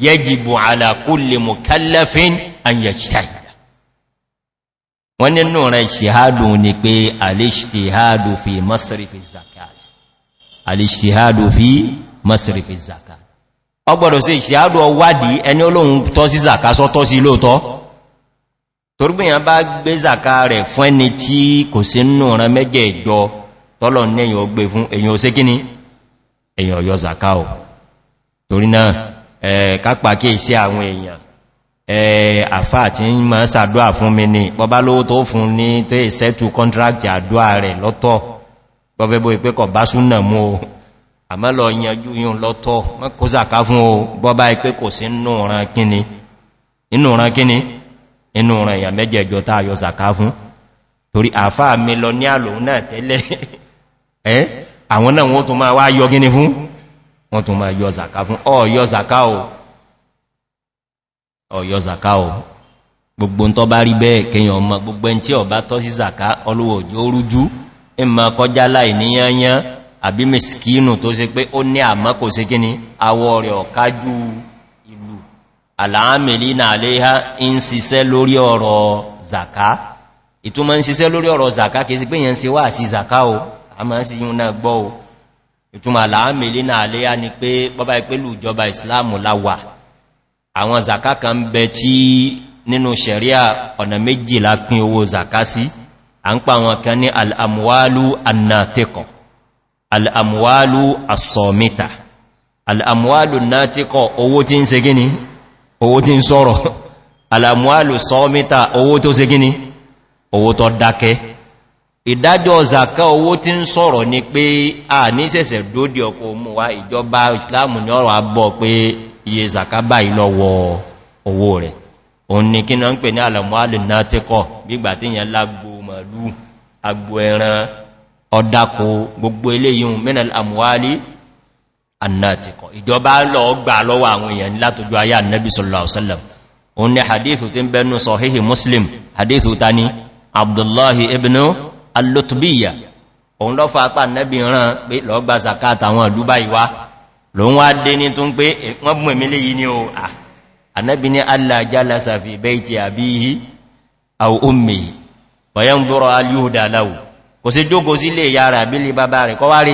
yẹjìbò àlàkú lè mú kálẹ́fín àyẹ̀ṣẹ́ wọ́n nínú rẹ̀ ṣìhádù ni pé alìṣìhádù fi masrifi zakat alìṣìhádù fi masrifi zakat ọgbọ̀dọ̀ sí ìṣìhádù ọwádìí ẹni olóhun tọ́ sí zaka sọ tọ́ sí lóòtọ́ torúgbìyàn bá gbé zaka rẹ̀ fún ẹni tí kò sí nínú rẹ̀ mẹ́jẹ̀ẹ́jọ tọ́lọ̀ nẹ́yìn ọgbẹ̀ fún èyàn ó sé kíní èyàn ọ̀yọ́ zaka ò torí náà kápá kí sí àwọn èèyàn àfá àti ma sàdúà fún mi ní bọ́bá lówó tó fún ní tó ìsẹ́tù kọ́ntrakti àdúà rẹ̀ lọ́tọ̀ gbọ́fẹ́bọ́ ìpẹ́kọ̀ bá súnà mú o àmọ́ lọ yanjú yún lọ́tọ̀ mọ́kúsàká fún o bọ́bá ìpẹ́kọ̀ sí inú ran kíni inú ran èyàn mẹ́jẹ̀jọ tá ayọ sàká fún torí àfá mi lọ ní àlòun wọ́n tún máa yọ zaka fún ọ̀yọ́ zaka o ọ̀yọ́ zaka o gbogbo ń tọ́ bá rí gbogbo ẹn tí ọba tọ́ sí zaka ọlọ́wọ̀ òjò rújú ìmọ̀ kọjá láì àbí tó se pé ó ní àmọ́ kò awọ rẹ̀ ọ̀kájú ìlú àlàámìlì zaka zaka ìtumà láàmìlì náà léyá ni pé bọ́bá ìpélù ìjọba ìsìláàmù láwà àwọn zaka kan ń bẹ tí nínú sẹ̀ríà ọ̀nà méjì lápín owó zaka sí a ń pa àwọn kan ní al'amwalu annatikọ̀ al'amwalu asọ̀mítà al'amwalu annatikọ̀ owó tí ń se gini owó tí ń sọ́rọ̀ al'amwalu sọ́mítà owó tó se gini owó tó dákẹ́ ìdájọ́ zaka owó tí ń sọ̀rọ̀ ni pé a ní sẹ̀sẹ̀ dódí ọkọ̀ mú wa ìjọba islamu ní ọ̀rọ̀ abọ́ pé iye zaka báyìí lọ́wọ́ owó rẹ̀ òun ni kí náà ń pè ní alamualu náà tẹ́kọ̀ gbígbà tí yẹn lágbó màlú agbó ẹran ọdáko gbogbo eléyìn mẹ́nàl amuwali annátikọ̀ ìjọba lọ gbà lọ́wọ́ àwọn èèyàn látójú sallallahu alaihi wasallam hadithu ti ń muslim hadithu ta abdullahi ibnu allotubiya òun lọ fa apá nẹ́bí ran pé lọ gba zakat àwọn àdúbà ìwá ló ń wá dé ní tó ń pé wọ́n mú ìmílé yìí ní o ànẹ́bí ní alájálá sàfí bẹ́ ti àbí yìí àwọ̀mí bọ̀yán dúró alyúdà láwù kò sí jókó sí lè yára bí lè bàbá rẹ̀ kọ́ wá rí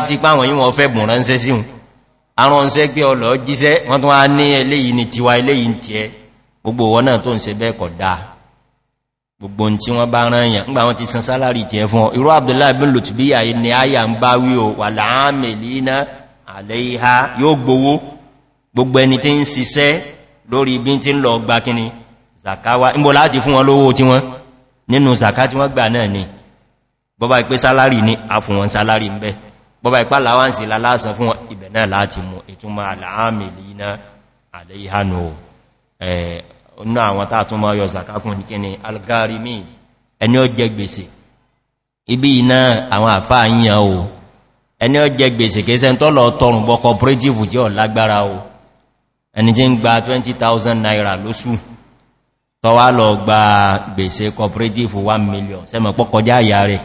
gbogbo tí wọ́n bá rán èyàn ńgbà wọ́n ti san sálárì tí ẹ fún ọ irú abdullahi bin lutubiyya ni àyà ń bá wí o wà láàmìlínà àlẹ́ihá yóò gbowó gbogbo ẹni tí ń siṣẹ́ lórí ibi tí ń lọ gba kíni zakawa ń bọ́ láti fún wọn lówó tí wọ́n nínú zaka tí wọ́n gbà náà ni bọ́bá ipé sálárì ní àfún wọn sálárì ń bẹ́ bọ́bá ipá láwánsì lálásán fún ibẹ̀ náà láti ọ̀nà àwọn tààtún máa yọ zakakun ní kíni algarimi ẹni ó jẹ gbèsè ibi iná àwọn àfá yíyan o ẹni ó jẹ gbèsè kéṣẹ́ tó lọ tọrùn bọ́ cooperative jẹ́ ọ̀lágbára o ẹni tí ń gba 20,000 naira lóṣù tó wá lọ gba gbèsè cooperative 1 million sẹ́mọ̀ pọ́ kọjá àyà rẹ̀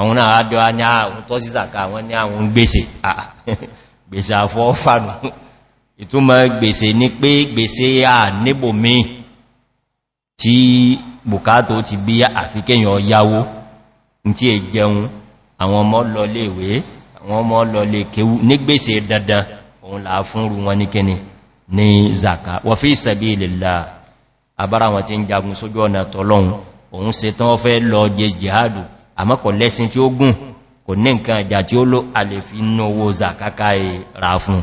ọ̀hun náà adọ́ zaka àwọn ní ah, àwọn ah, gbèsè gbèsè ìtúmọ̀ gbèsè ní pé gbèsè à níbò mí tí bùkátò ti bí àfikẹ́yàn yáwó tí è jẹun àwọn ọmọ lọ lè wé àwọn ọmọ lọ lè kéwú ní gbèsè dandan òun là fúnrù wọn ní ní zaka wọ́n fi ìsẹ̀bí ìlèlà abára wọn ti ń jagun sójú ọ̀nà tọ́lọ́un òun se tán fẹ́ lọ jẹ jihadu àmọ́kọ̀ lẹ́sìn tí ó gùn kò ní nǹkan àjà tí ó ló àlèfinú owó zaka káà e rà fún un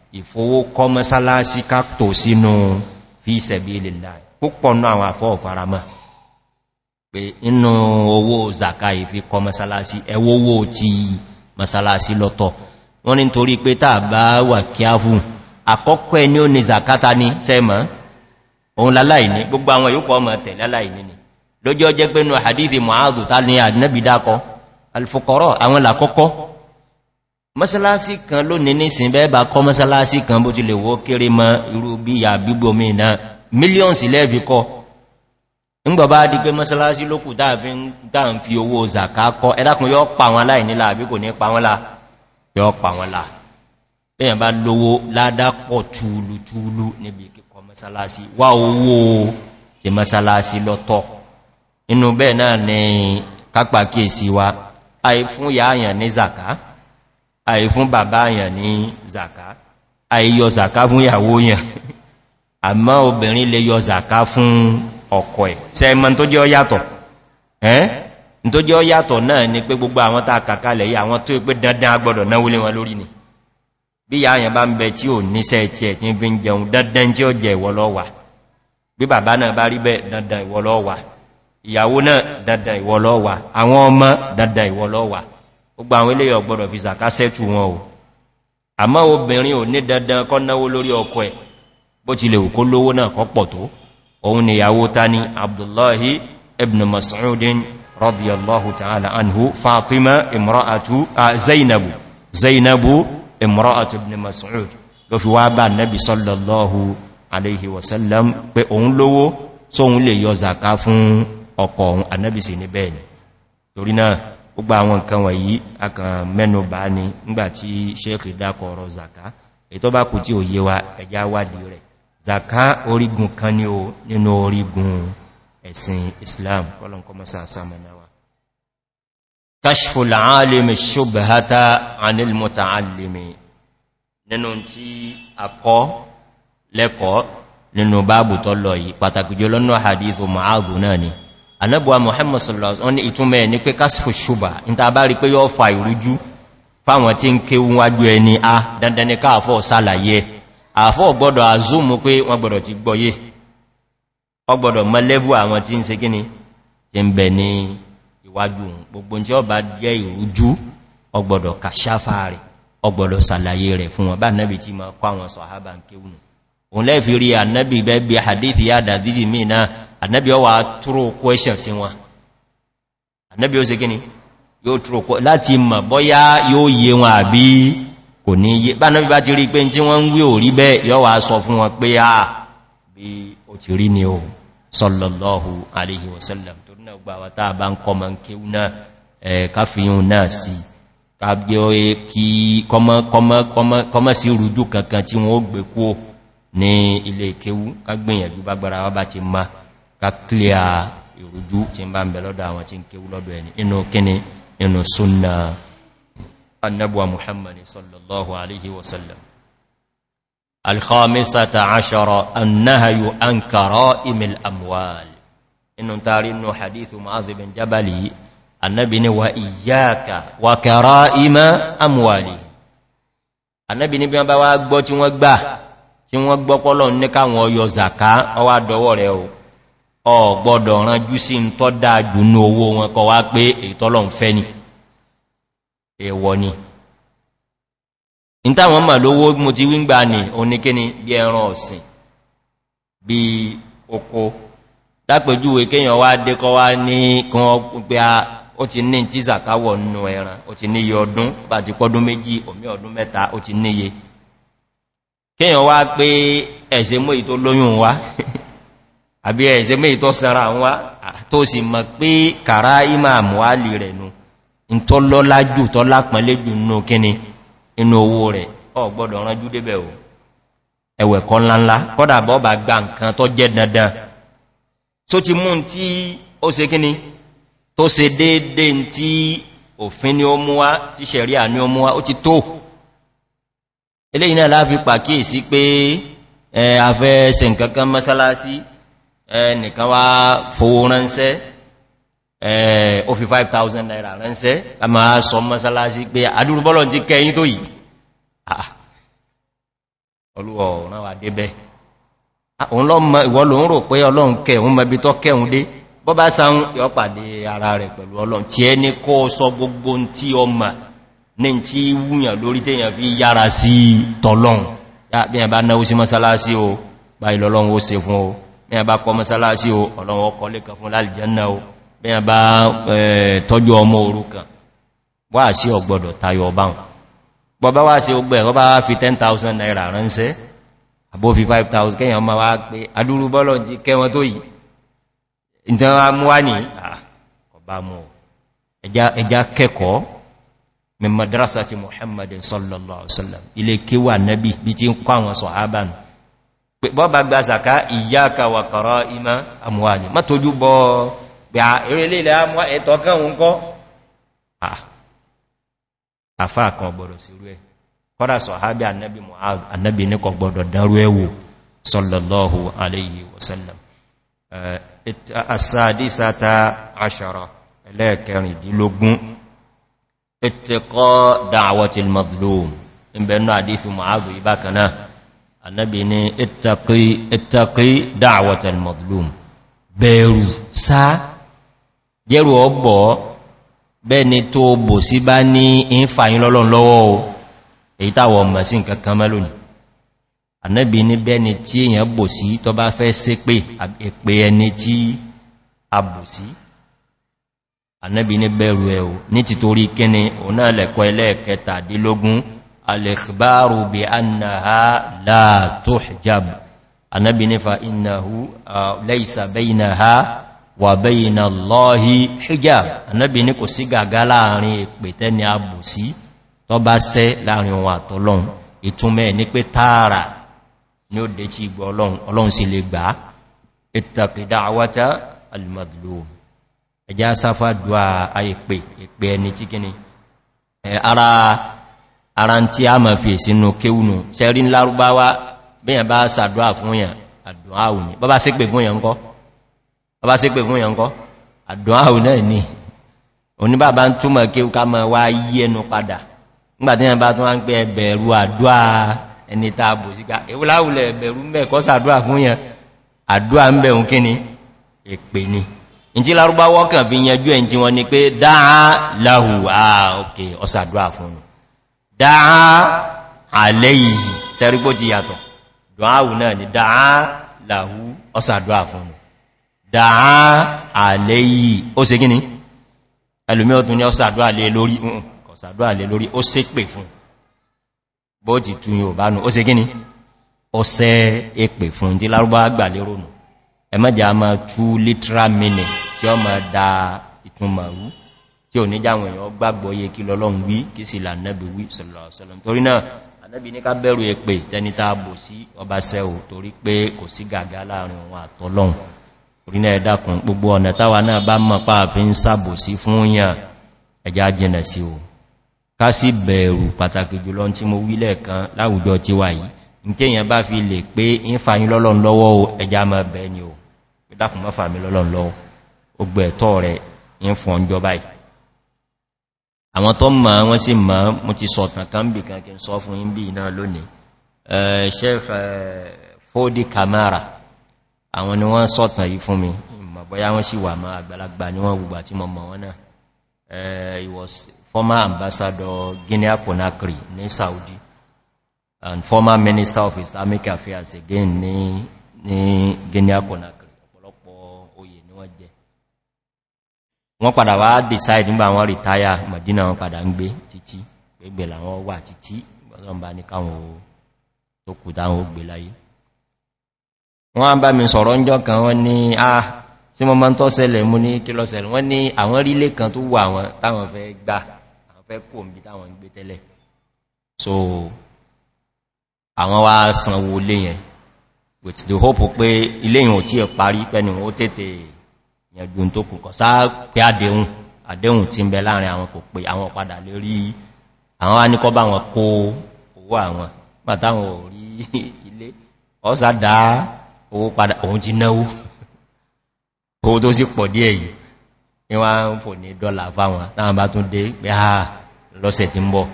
ìfowókọ́ mọ́sálásí káàtò sínú fi ìsẹ̀bí ilẹ̀ láì púpọ̀ ní àwọn àfọ́ ọ̀faramọ́ pé inú owó zaka ìfikọ́ mọ́sálásí ẹwọ́wó ti mọ́sálásí lọ́tọ̀ wọ́n ni torí pé tàà bá wà kí á fún àkọ́kọ́ ẹni ó ni zakata ní sẹ́mọ́ òun láláìní gbogbo àwọn ni lójọ́ jẹ́ pé nù àdífì mọ̀ mọ́sálásí kan lónìí nísìn bẹ́ẹ̀ bá kọ́ mọ́sálásí kan bó ti lè wó kéré mọ́ irú bí i àbígbòmí iná mílíọ̀nsì lẹ́ẹ̀bí kọ́ ńgbọ̀bá di pé mọ́sálásí lókù dáa ń fi owó zàká kọ́ ẹlákùn yọ́ pa wọn láì nílà àbí kò ní pa wọn lá yọ́ pa wọn lá bẹ́yàn bá lówó ládàpọ̀ túlútúlú níbi kíkọ mọ́sálásí wá owó ti mọ́sálásí lọ́tọ̀ inú bẹ́ẹ̀ náà ni kápákíyèsí wa àìfún yáàyàn ní zàká àì fún bàbá àyàn ní zaka àì yọ zaka fún ìyàwó yàn àmá obìnrin lè yọ zaka fún ọkọ̀ ẹ̀ sẹ́mọ́ tó jẹ́ ọyàtọ̀ ẹ́n tó jẹ́ ọyàtọ̀ náà ni pé gbogbo àwọn tá kàkàlẹ̀ yìí àwọn tó pé dandan agbọ́dọ̀ náwó lé wọn lórí ni bí àyàn bá ń bẹ tí ò níṣẹ́ tí ẹ̀ tí ń fi ń jẹun dandan tí ó jẹ ìwọlọ́wà bí bàbá náà bá rí bẹ́ dandan ìwọlọ́wà ìyàwó náà dandan ìwọlọ́wà àwọn ọmọ dandan ìwọlọ́wà gbogbo àwọn ilé ọ̀gbọ̀dọ̀ fi zàká sẹ́tù wọn o àmọ́ obìnrin ò ní dandan kọ́ náwó lórí ọkọ̀ ẹ̀ bó ti lè kó lówó náà kọ́ pọ̀ tó òun ni ìyàwó ta ni abdullahi ibn masudin radiyallahu ta'ala anhu fatima imra'atu zainabu zainabu imra'atu ibn masud ló fi wá bá nabi sallallahu alaihi wasallam pé òun lówó sóhun lè yọ zàká fún ọkọ̀ òun annabi sì ní bẹ́ẹ̀ ni torí náà gbogbo àwọn nǹkan wọ̀nyí akàn mẹ́nubà ní ngbàtí sheikh dákọ̀ ọ̀rọ̀ zaka ètò bá kù tí ò yé wa ẹjá wádí rẹ̀ zaka orígun kan ní o nínú orígun ẹ̀sìn islam kọlọ̀nkọmọ́sá lẹ́kọ̀ọ́ nínú báàbù tọ́lọ̀ yìí pàtàkì jọ lọ́nà hadithu ma'adhu náà ni anábuwa muhammad sallallahu alaihi wasallam ní ìtúnmẹ́ ní pé kásìfò ṣùgbà ní ta bá rí pé yóò fa ìrújú fáwọn tí ń ké wájú ẹni a dandan ní salaye sálàyé àfọ́ gbọ́dọ̀ azúmù pé wọ́n gbọ́dọ̀ ti gbọ́yé ọgbọ́dọ̀ mọ́lẹ́bù àwọn tí ń se gíní tí ń bẹ̀ ní ìwájú gbogbo tí ó bá jẹ́ ìrújú ọgbọ́dọ̀ kàṣáfà rẹ̀ ọgbọ́dọ̀ sàlàyé rẹ̀ fún wọn bá nẹ́bì tí ma kọ́ àwọn sọ̀hábà ń kéwùn òun lẹ́fì rí ànẹ́bì bẹ́ bí hadithi yá dàdídì míì náà annabi ó wá throw question sí wọn annabi ó ṣe kíni yóò throw láti mọ̀ bóyá yóò yé wọn àbí kò ní yé bá annabi bá ti rí pé tí wọ́n ń wí ò rí bẹ́ẹ̀ yóò wá sọ fún wọn pé a ti rí ni o sallallahu alaihi wasallam tó náà gbà wá tá a bá ń kọ́ mọ́ kéwú náà káfíyún náà sí kábí ó yé kí kọmọ́ sí rújú kankan tí wọ́n ó gbé kúò ní ilé kéwú kágbìyànjú bá gbára wá bá ti máa ká kílíà ìrújú tí ń bá ń bẹ lọ́dọ̀ àwọn tí ń kéwú lọ́dọ̀ ẹni inú kíni inú súnà annabuwa muhammadi sallallahu alaihi wasallam alkhamisata ashara annahayu an karo imil amwal inú tari inú hadithu ma'azibin jabali annabi ni wa iyaka wa kara ima amwali annabi ni bí wọ́n bá wá gbọ́ tí wọ́n gbà tí wọ́n gbọ́pọ́lọ̀ ní káwọn ọyọ zaka ọwá dọwọ́ rẹ̀ o ọ̀gbọ́dọ̀ ránjú sí ń tọ́ dáa jù ní owó wọn kọ wá pé ètọ́lọ̀ ń fẹ́ ni èwọ̀ ni ìtàwọn mà lówó mo ti wíngbà ní oníkíní bí ẹran ọ̀sìn bí oko dápẹjúwe kéyàn wá dékọ wá ní kan pé ó ti ní tí zakawọ̀ nínú ẹran ó ti níye ọdún bá ti pọ́dún méjì omi ọdún mẹ́ta ó ti níye kéyàn wá pé ẹ̀ṣẹ́ mọ́ ìtó lóyún wá àbí ẹ̀ṣẹ́ méjì tó sára wá tó sì mọ̀ pé kàrá ìmà àmúwálì rẹ̀ nù in tó lọ́lá jù tó lápẹ̀lẹ́ jù nù kíni inú owó rẹ̀ ọ gbọ́dọ̀ ránjú débẹ̀ o ẹ̀wẹ̀ kọ́ ńláńlá kọ́dà bọ́ bá gba nǹkan tó jẹ́ dandan tó ti mú tí ó se ṣe nǹkan kan mọ́sálásí ẹnìkan wá fowó ránṣẹ́ ó fi 5,000 naira ránṣẹ́ a máa sọ mọ́sálásí pé adúrúbọ́lọ̀ jí kẹyìn tó yìí ah, olúwọ̀ ọ̀rán wà débẹ̀ ah, òun lọ mọ ìwọ lòun rò pé ọlọ́run kẹ òun mẹ́bí tọ́ kẹun dé bọ́ bá sáhún yọ pàdé ara rẹ̀ pẹ̀lú ọlọ́run tí ẹni kó sọ gbogbo tí ọmọ ní tí wúyàn lórí tẹ́yàn fi yára sí tọ́lọ́run bí ẹ̀ bá náwó sí mọ́sálásí o bá ìlọ́lọ́run ó se fún o bẹ́yàn bá kọ mọ́sálásí o ọlọ́run ọkọ̀ lẹ́kàn fún lálìjánná o bẹ́yàn bá tọ́jú ọmọ òrukàn wà sí ọgbọ̀dọ̀ tayọ ọbáhùn bọ́bá wá sí ogbẹ̀ ọba fi 10,000 naira ránṣẹ́ àbó fi 5,000 kẹ́yàn ma wá pé adúrú bọ́lọ̀ jí kẹwọn tó yìí ìtàn wa mú wá ní ọba mú ẹjá min madrasa muhammadin sallallahu alaihi wasallam ile kewa nabi bi ti n kọ àwọn bọ́bà gba zaka ìyáka wà kọ̀rọ̀ ìmá àmúwàlì má tójú bọ́ gbà erélé ilẹ̀ àmúwà ẹ̀tọ́ kan ń kọ́ àfá kan gbọ́dọ̀ sí rú ẹ̀ kọ́dà sọ hábí annabi ní kọ gbọ́dọ̀ dárú ẹwò sallallahu alayhi wasallam asadisata ashara ẹlẹ́ẹ̀kẹrìndínlógún annabi ni ittaqi da'watal mazlum bẹ̀rù sá jẹ́rù ọgbọ̀ bẹ́ni tó bò sí bá ní ìfàyín lọ́lọ́n lọ́wọ́ o èyí táwọ̀ ọmọ sí nǹkan kan mẹ́lòní annabi ni bẹ́ni tí èyàn bò sí tó bá fẹ́ sé pé èpè ẹni tí a bò sí annabi ni bẹ̀rù ẹ̀ o ní al'ikhbaru bi annaha la tuhjab annabi nifa innahu laisa bainaha wa baina Allahi hijab annabi ni kò sí gàgá láàrin ìpètẹ́ ni a bù sí tó bá sẹ́ láàrin ohun àtọ́lọ́un ìtúnmẹ́ ní pé tààrà ni ó dé tí igbó ara ara tí a ma fi ìsinú kéwùnù sẹ́rí lárúbáwá bíyàn bá sàdúwà fún yàn àdúwà òní bọ́bá sí pè fún yàn kọ́ àdúwà òní ní oníbàbá ń túnmọ̀ kéwù ká ma wá yí ẹnu padà nígbàtí yàn bá tún wá ń pẹ ẹbẹ̀rú àdúwà ẹni tààbò síká ewúláwùlẹ̀ ẹbẹ̀rú mẹ́ kọ́ sàdúwà fún yàn àdúwà ń dáa àlẹ́yìí sẹ́rígbó ti yàtọ̀ dùnáwù náà ni dáa làwú ọsàdùá fún un dáa àlẹ́yìí ó se gíní ẹlùmí ọdún ni ọsàdùá lè lórí ọsàdùá lè lórí ó sé pè fún bó ti tún yóò bá nù ó se gíní ọsẹ́ èpè fún tí lárúbá gbà lérò nù ẹmọ́jà máa tú literal meaning tí ọ máa da ìtumọ̀ tí ò ní jáwọn èèyàn gbàgbọ́ yé kí lọ́lọ́run wí kí sì là nẹ́bí wí sọ̀lọ̀sọ̀lọ̀ torí náà anẹ́bí ní ká bẹ̀rù èpè tẹnita bò sí ọba sẹ́ò torí pé kò sí gàgá láàrin òun àtọ́lọ́run torí náà ẹ̀dàkùn gbogbo ọ̀nà táwa náà bá mọ̀ páàfin sàbò sí fún yàn ẹja jìnà sí o ká sí bẹ̀rù pàtàkì jùlọ tí mo wílẹ̀ kan láwùjọ ti àwọn tó ma wọ́n sí ma mú ti sọ kankan bí kankan sọ fún yí bí náà lónìí chef fódí kamara àwọn ni wọ́n sọ́tàn yí fún mi ìmọ̀bọ̀yá wọ́n sí wà máa àgbàlagbà ní wọ́n gbogbo àti mọ̀mọ̀ wọn náà he was former ambassador guinea conakry ní saudi and former minister of islamic affairs again ní guinea conakry wọ́n padà wá decide nígbà wọ́n retire Madina wọn padà ń gbé títí gbẹ̀gbẹ̀ làwọn wà títí ọlọ́mbà ní káwọn tó kù táwọn ó gbé láyé wọ́n á bá mi sọ̀rọ̀ ń jọ kan wọ́n ní a ah, tí mo máa ń mú ní so àwọn wá sanwó ilé yẹn with the hope pé yànjú tó kù kọ̀ sáà pé àdéhùn àdéhùn tí ń bẹ láàrin àwọn kò pé àwọn padà lè rí àwọn aníkọ́ bá wọn kó owó àwọn pàtàwọn ò rí ilé ọ́sá dá owó padà òun ti náwó owó tó sì pọ̀ díẹ̀ yìí ní wá ń fò ní dọ́là fáwọn táwọn bá tún dé pé ha lọ́sẹ̀ tí ń bọ̀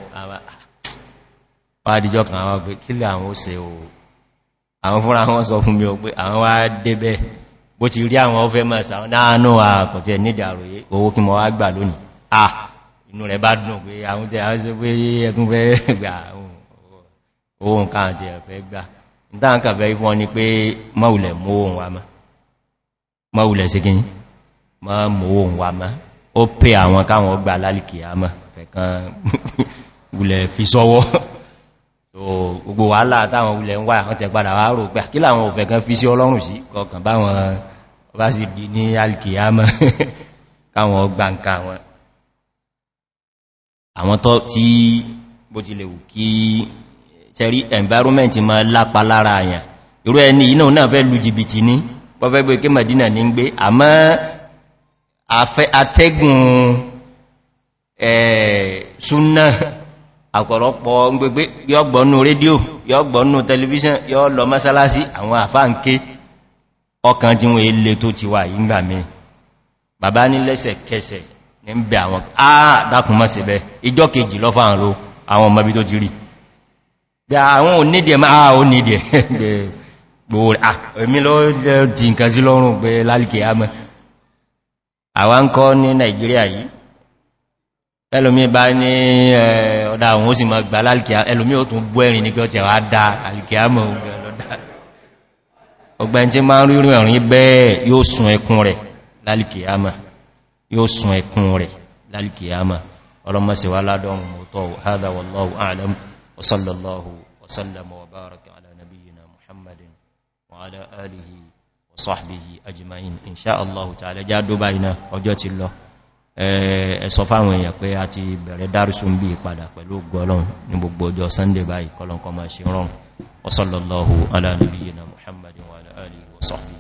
pàdíjọ́ kan àwọn se o àwọn fúnra wọn sọ fún mi o pé àwọn wá bó ti rí àwọn ọfẹ́ máa sàwọn náà àkọ̀tẹ́ nídàrò owó kí mọ́ wá gbà lónìí ah inú rẹ̀ bá dùn pé àwọn tẹ́ àwọn ṣe pé ẹkún gbà ohun ká àti ẹ̀fẹ́ gbà ni pé ohun wa gbogbo wàhálà táwọn ulẹ̀ ń wà wọ́n tẹ padà wá rò pé kí láwọn òfẹ́ kan fi sí ọlọ́run sí kọkàn báwọn bá sì bí ní alkiyama káwọn gbáǹkà wọn àwọn tó tí bó ti lè wù kí tẹ́rí environment ma lápa lára àyàn irú ẹni iná náà fẹ́ lu jìbìtì ní pọ́fẹ́ àkọ̀rọ̀pọ̀ gbogbo yọ gbọ́nú rédíò yọ gbọ́nú tẹlifíṣàn yọ lọ mọ́sálásí àwọn àfáǹké ọkàn tí wọ́n ilé tó ti wà ìgbà mi bàbá ní lẹ́sẹ̀ kẹsẹ̀ ní ń bẹ àwọn àádákùnmọ́ sí bẹ ìjọ kejì lọ fáàrọ àwọn ọmọbí tó ti rí àwọn onídìẹ̀ máa onídìẹ̀ gbòòrò èmi ló ti nǹkan sí lọ́rùn pé lálìkẹ̀ àmọ́ àwọn ń ẹlòmí bá ní ọ̀dá àwọn ó sì máa gbà lálìkíá ẹlòmí ó tún bú ẹ̀rin ní kí ó tẹ̀wà dá àlìkíá mọ̀ ọgbẹ̀n tí máa rírùn ẹ̀rin bẹ́ẹ̀ yóò sun ẹkùn rẹ̀ lálìkíá mọ̀ yóò sun ẹkùn rẹ̀ lálìkíá mọ̀ ọlọ́mọ́síwá ládọ́run mọ́tọ́ hádà wọ́lọ́wọ́ àlẹ́m wasallallahu wasallam wa baraka ala nabiyyina ẹ̀sọ fáwọn èèyàn pé a ti bẹ̀rẹ̀ dárùsùn bí ìpadà pẹ̀lú gọ́lọ́n ní gbogbo ọjọ́ sunday báyìí kọlọ̀nkọ́ ma ṣe rọrùn wasallallahu ala nabiyina muhammadin wa ala alihi wa sahbihi